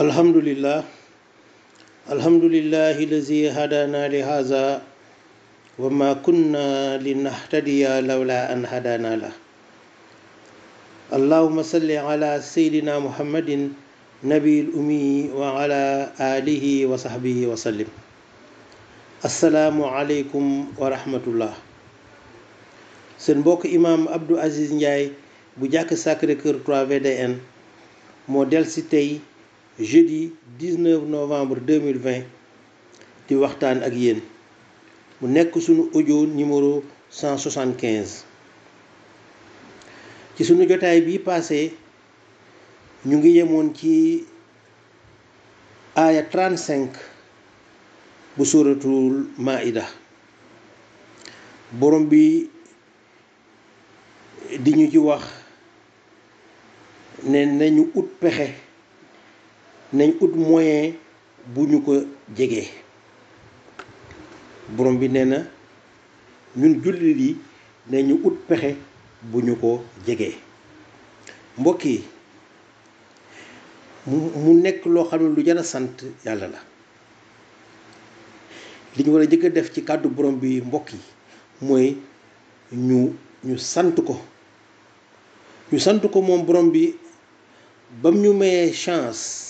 الحمد لله الحمد لله الذي هدانا لهذا وما كنا لنهتدي لولا أن هدانا له اللهم صل على سيدنا محمد نبي الأمي وعلى آله وصحبه وسلم asalaamualeykum wa rahmatullah seen mbokk imaam Abdou Aziz Ndiaye bu jàkk Sacré Cœur 3 VDN moo del si tey jeudi 19 novembre 2020 di waxtaan ak yéen bu nekk sunu audio numéro 175 ci sunu jotaay bi passé ñu ngi yemoon ci aaya 35 bu suratul maida boroom bi di ñu ci wax ne nañu ut pexe nañ ut moyen bu ñu ko jegee borom bi nee na ñun jullit nee ñu ut pexe bu ñu ko jegee mbokk yi mu nekk loo xam ne lu jar a sant yàlla la li ñu war a njëkk a def ci kàddu borom bi mbokk yi mooy ñu ñu sant ko ñu sant ko moom borom bi bam ñu mayee chance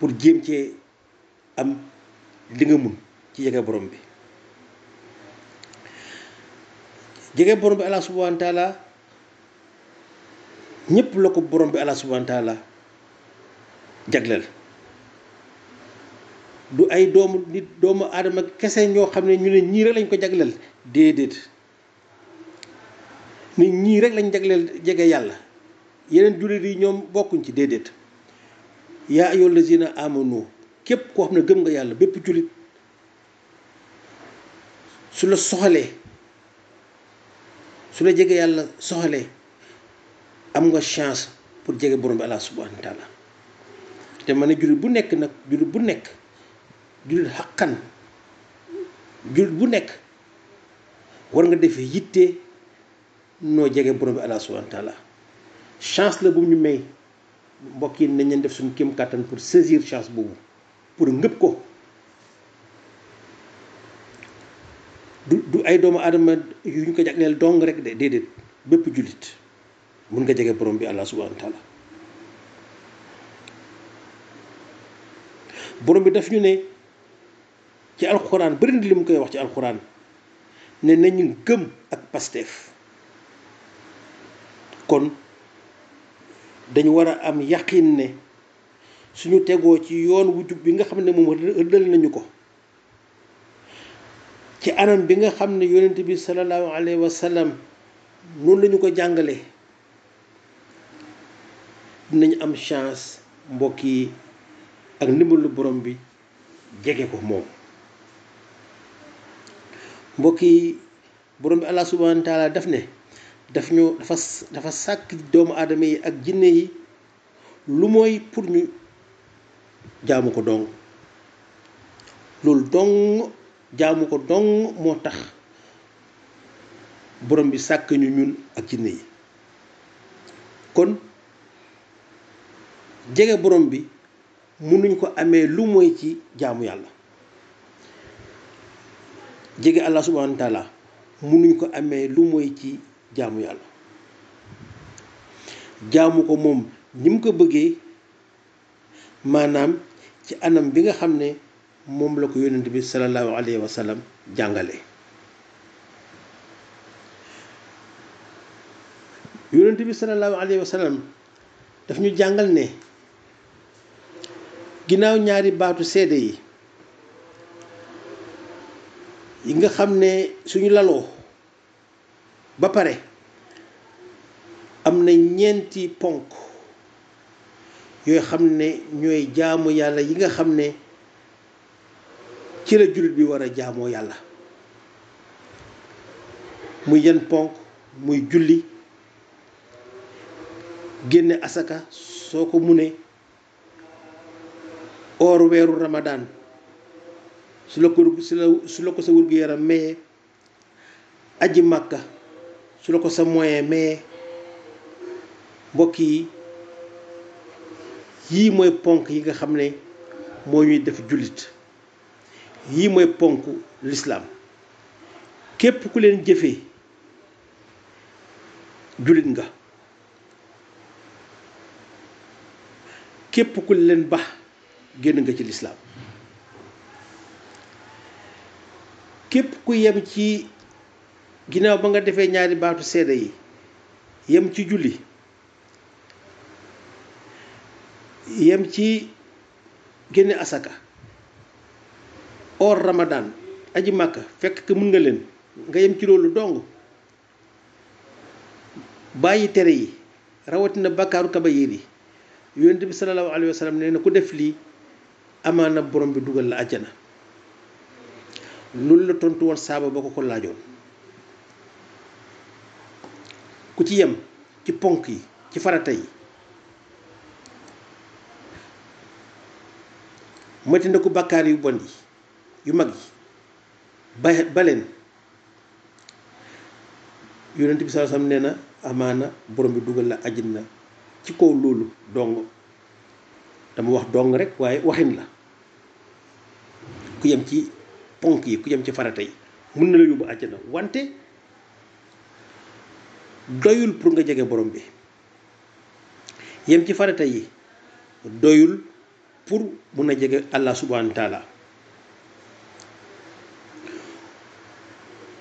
pour jéem am li nga mun ci jege borom bi jege borom bi allah subhanahu wa taala ñëpp la ko borom bi allah subhanahu wa taala jagleel du ay doomu nit doomu aadama kese ñoo xam ne ñu rek lañ ko jaglal dedet nit ñii rek lañ jagleel jege yàlla yeneen jullit yi bokkuñ ci yaa ayyuhal na amanu képp koo xam ne gëm nga yàlla bépp jullit su la soxalee su la jege yàlla soxalee am nga chance pour jege borom bi allah subhanahu te ma ne jullit bu nekk nag jullit bu nekk jullit xaqan jullit bu nekk war nga defee yitte noo jege borom bi allah subhanahu chance la bu ñu may mbokk yi nañ leen def suñu kéem kàttan pour saisir chance boobu pour ngëb ko du du ay doomu aadama yu ñu ko jagleel dong rek de déedéet bépp jullit mun nga jege borom bi allah subhanahu wa taala borom bi daf ñu ne ci alxuraan bëri na li koy wax ci alxuraan ne nañu gëm ak pastef kon dañu war a am yaqin ne suñu tegoo ci yoon wu jub bi nga xam ne moom rëddal nañu ko ci anam bi nga xam ne yonent bi sallallahu alayhi wa sallam noonu lañu ñu ko jàngalee dinañ am chance mbokk yi ak ndimbalu borom bi jege ko moom mbokk yi borom bi allah subhanahu wa ne daf dafas, dafa dafa sàkk doomu aadama yi ak jinne yi lu mooy pour ñu jaamu ko dong loolu dong jaamu ko dong moo tax borom bi sàkk ñu ñun ak jinne yi kon jege borom bi mënuñ ko amee lu mooy ci jaamu yàlla jege allah subhanahu wa taala mënuñ ko amee lu mooy ci jaamu yàlla jaamu ko moom ni mu ko bëggee maanaam ci anam bi nga xam ne moom la ko yonent bi sallallahu alayhi wa sallam jàngale yonent bi sallallahu alayhi wa sallam daf ñu jàngal ne ginnaaw ñaari baatu seede yi yi nga xam ne suñu laloo ba pare am na ñeenti ponk yooy xam ne ñooy jaamu yàlla yi nga xam ne ci la jullit bi war a jaamoo yàlla muy yan ponk muy julli génne asaka soo ko munee or weeru ramadaan su la ko su la su la yaram mayee aji màkka su la ko sa moyen mais mbokk yi yii mooy ponk yi nga xam ne moo ñuy def jullit yii mooy ponk lislaam képp ku leen jëfe jullit nga képp ku leen bax génn nga ci lislaam képp ku yem ci ginnaaw ba nga defee ñaari baatu seede yi yem ci julli yem ci génne asaka or ramadan aji màkka fekk que mën nga leen nga yem ci loolu dong bàyyi tere yi rawatina bakkaaru kabayir yi yonente bi salallahu alayhi wa sallam na ku def lii amaana borom bi dugal la àjjana loolu la tontu woon saaba ba ko ko laajoon ku ci yem ci ponk yi ci farata yi ku bàkkaar yu bon yi yu mag yi ba baleen yonent bi sallallahu alayhi wasallam nee na amaana borom bi dugal la àjjana ci kaw loolu dong dama wax dong rek waaye waxin la ku yem ci ponk yi ku yem ci farata yi mun na la yóbbu àjjana wante doyul pour nga jege borom bi yem ci farata yi doyul pour mun a jege allah subhanahu wa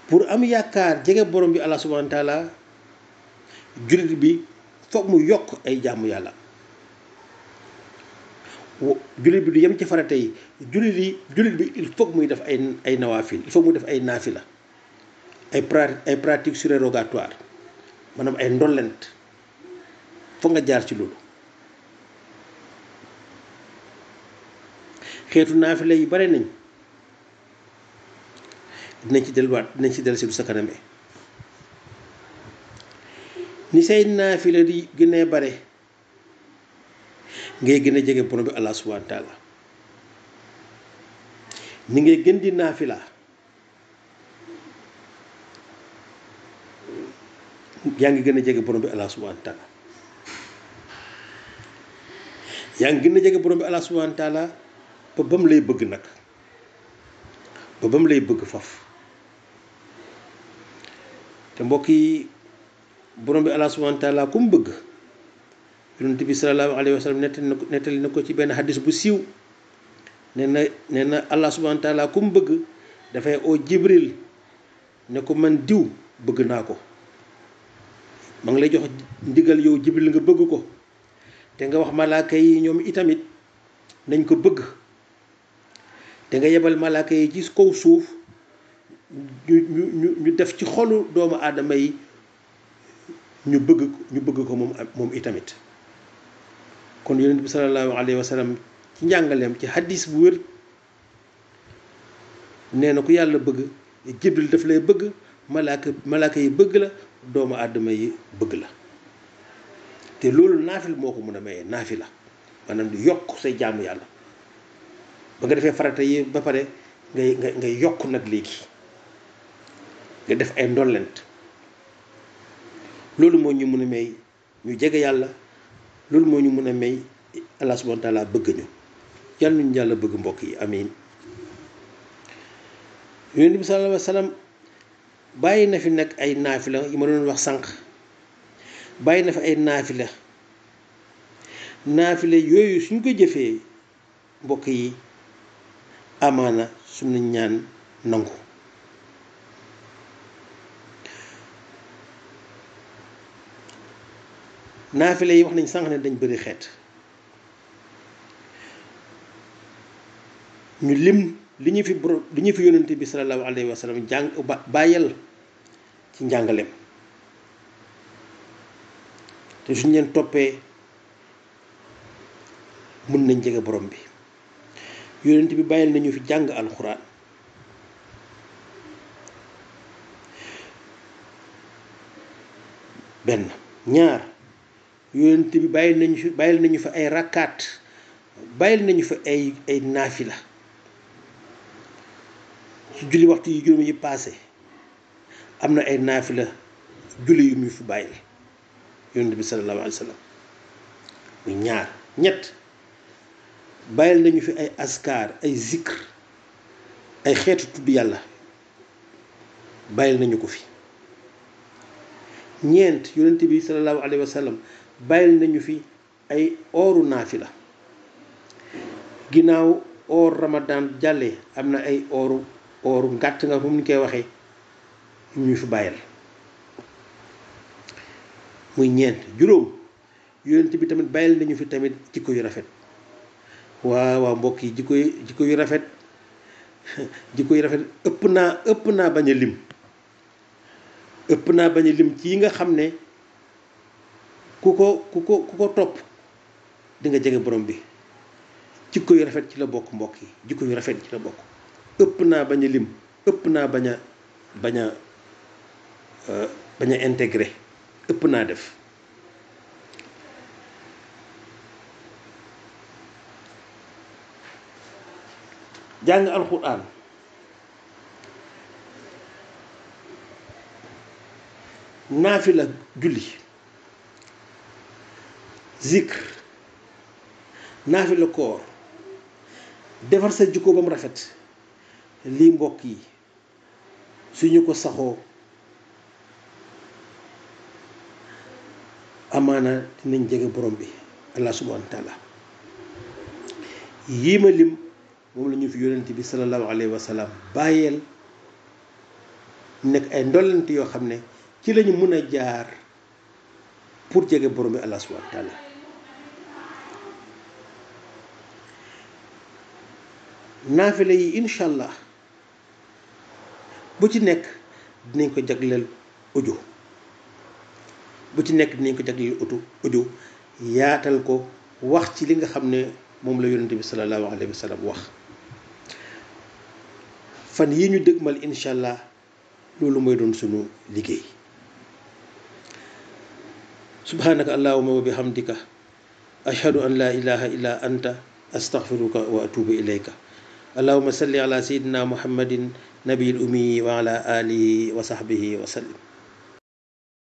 pour am yaakaar jege borom bi allah subhanahu wa taala jullit bi foog mu yokk ay jaamu yàlla jullit bi du yem ci farata yi jullit yi jullit bi il faut muy def ay ay nawaafil il faut mu def ay naafila ay pra ay pratiques surérogatoires maanaam ay ndollent foog nga jaar ci loolu xeetu naafila yi bare nañ dinañ ci delluwaat dinañ ci dellusi si sa kaname ni say naafila di gënee bare ngay gën a jege borom bi allah subhanahu wa ni ngay gën di naafila yaa ngi gën a jege borom bi allah subhanahu wa yaa ngi gën a jege bi allah subhanahu wa taala ba ba mu lay bëgg nag ba ba mu lay bëgg faf te mbokk yi borom bi allah subhanahu wa ku mu bëgg yonent bi sallallahu alayhi wa sallam nettali na ko nettali na ko ci benn hadis bu siiw nee na nee na allah subhanahu wa ku mu bëgg dafay oo jibril ne ko man diw bëgg naa ko ma ngi lay jox ndigal yow jibril nga bëgg ko te nga wax malaaka yi ñoom itamit nañ ko bëgg te nga yebal malaaka yi ci kaw suuf ñu ñu ñu def ci xolu doomu aadama yi ñu bëgg ñu bëgg ko moom moom itamit kon yonent bi sallallahu alayhi wa sallam ci njàngaleem ci hadis bu wér nee na ku yàlla bëgg jibril daf lay bëgg malaaka malaaka yi bëgg la doomu aadama yi bëgg la te loolu naafil moo ko mën a mayee naafi la maanaam di yokk say jaamu yàlla ba nga defee farata yi ba pare ngay nga ngay yokk nag léegi nga def ay ndollent loolu moo ñu mun a may ñu jege yàlla loolu moo ñu mun a may allah bëgg ñu yàlla ñu yàlla bëgg mbokk yi amiin yonent bi sallallahu bàyyi na fi nag ay naafila yi ma doon wax sànq bàyyi na fi ay naafila naafila yooyu suñ ko jëfee mbokk yi amaana suñu ñaan nangu naafile yi wax nañ sànq ne dañ bëri xeet ñu lim li ñu fi boro li ñu fi yónnante bi sallallahu alayhi wa sallam jàng bàyyal ci njàngaleem te suñ leen toppee mën nañ jege borom bi yonent bi bàyyil nañu fi jàng alxuraan benn ñaar yonent bi bàyyil nañu fi bàyyil nañu fa ay rakkaat bàyyil nañu fa ay ay naafila su julli waxtu yi juróom yi paase am na ay naafi la julli yu ñu fi bàyyil yonent bi sallallahu alayhi wa sallam ñaar ñett bàyyil nañu fi ay askaar ay zikr ay xeetu tudd yàlla bàyyil nañu ko fi ñeent yonent bi sallallahu alayhi wa sallam bàyyil nañu fi ay ooru la ginnaaw oor ramadan jàllee am na ay ooru ooru ngàtt nga bu ñu koy waxee ñu fi bàyyil muy ñeent juróom yonent bi tamit bàyyil nañu fi tamit jikko yu rafet waa waa mbokk yi jikko jikko yu rafet jikko yu rafet ëpp naa ëpp naa bañ a lim ëpp naa bañ a lim ci yi nga xam ne ku ko ku ko ku ko topp di nga jege borom bi jikko yu rafet ci la bokk mbokk yi jikko yu rafet ci la bokk ëpp naa bañ a lim ëpp naa bañ a bañ a Euh, bañ a intégré ëpp naa def jàng alxuraan naafila julli zikr naafila koor defar sa jikko ba mu rafet li mbokk yi su ñu ko saxoo amaana dinañ jege borom bi allah subhanahu wa taala yii ma lim moom lañu ñu fi yonent bi sallallahu alayhi wa sallam bàyyeel nekk ay ndollent yoo xam ne ci lañu mën a jaar pour jege borom bi allah subhanahu wa taala naafile yi incha allah bu ci nekk dinañ ko jagleel audio bu ci nekk dinañ ko jagleel auto audio yaatal ko wax ci li nga xam ne moom la yonente bi sallallahu alayhi wa sallam wax fan yi ñu dëgmal incha allah loolu mooy doon sunu liggéey subhanaka allahuma wa bihamdika ashhadu an la ilaha illa anta astaghfiruka wa atubu ilayka allahuma salli ala sayidina muhammadin nabiyil ummi wa alihi wa sahbihi wa sallim